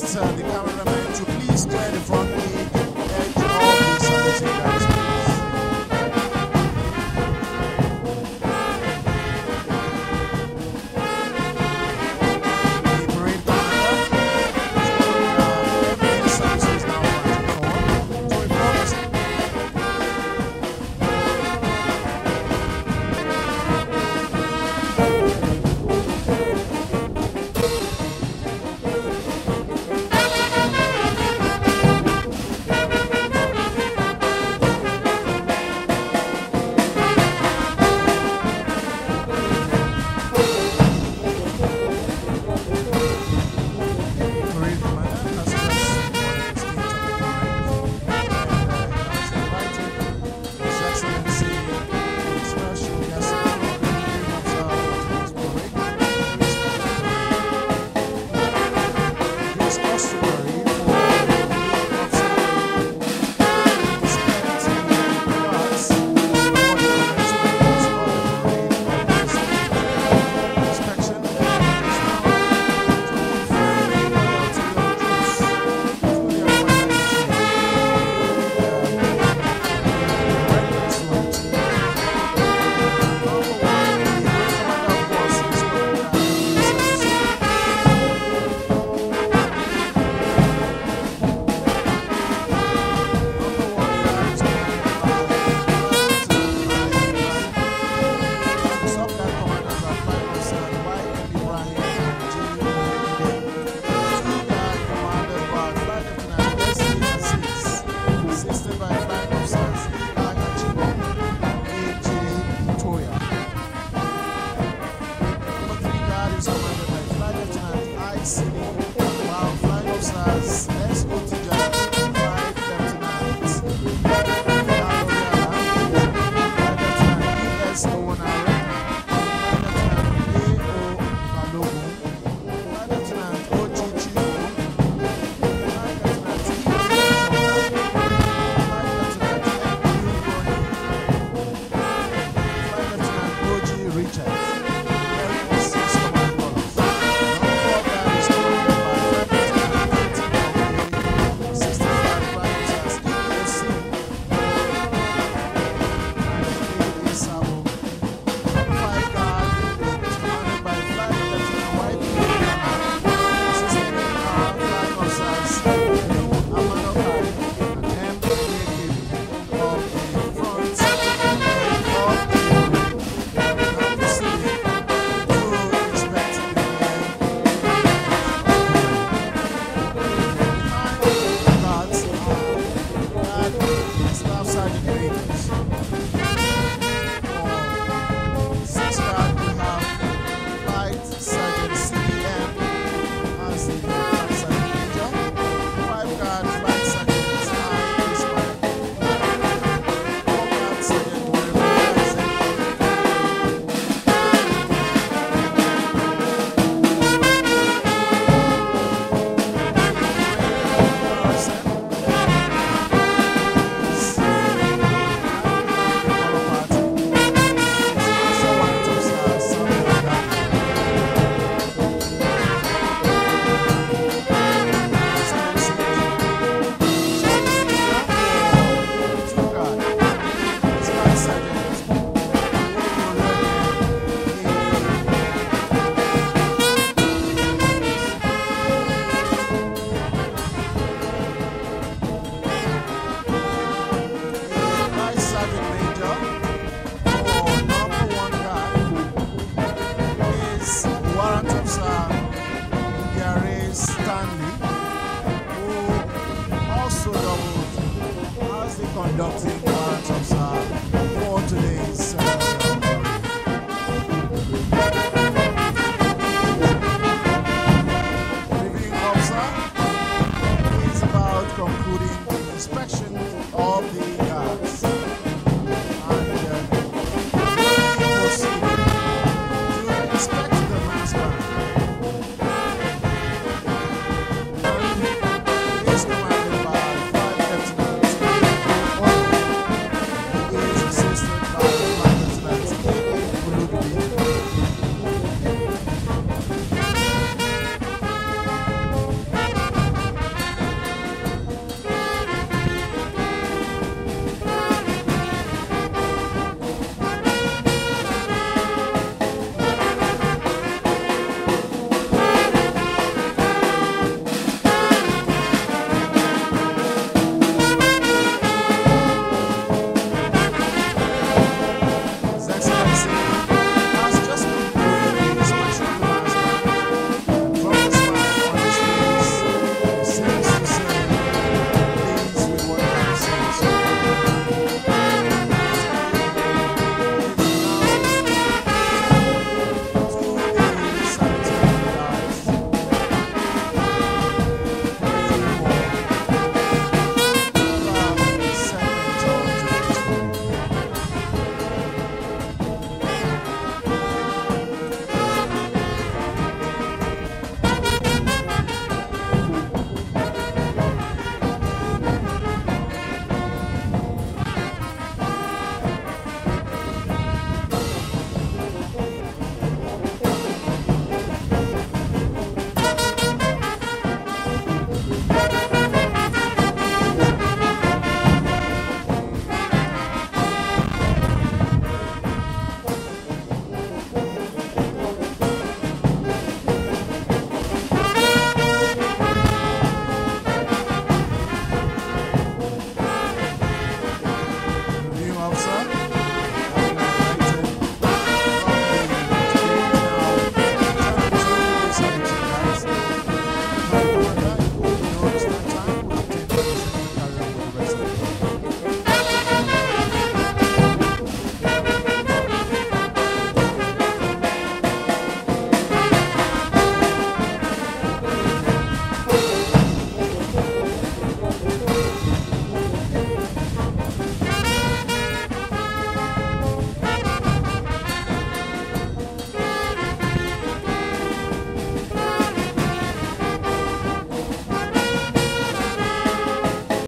just. Uh, conducting parts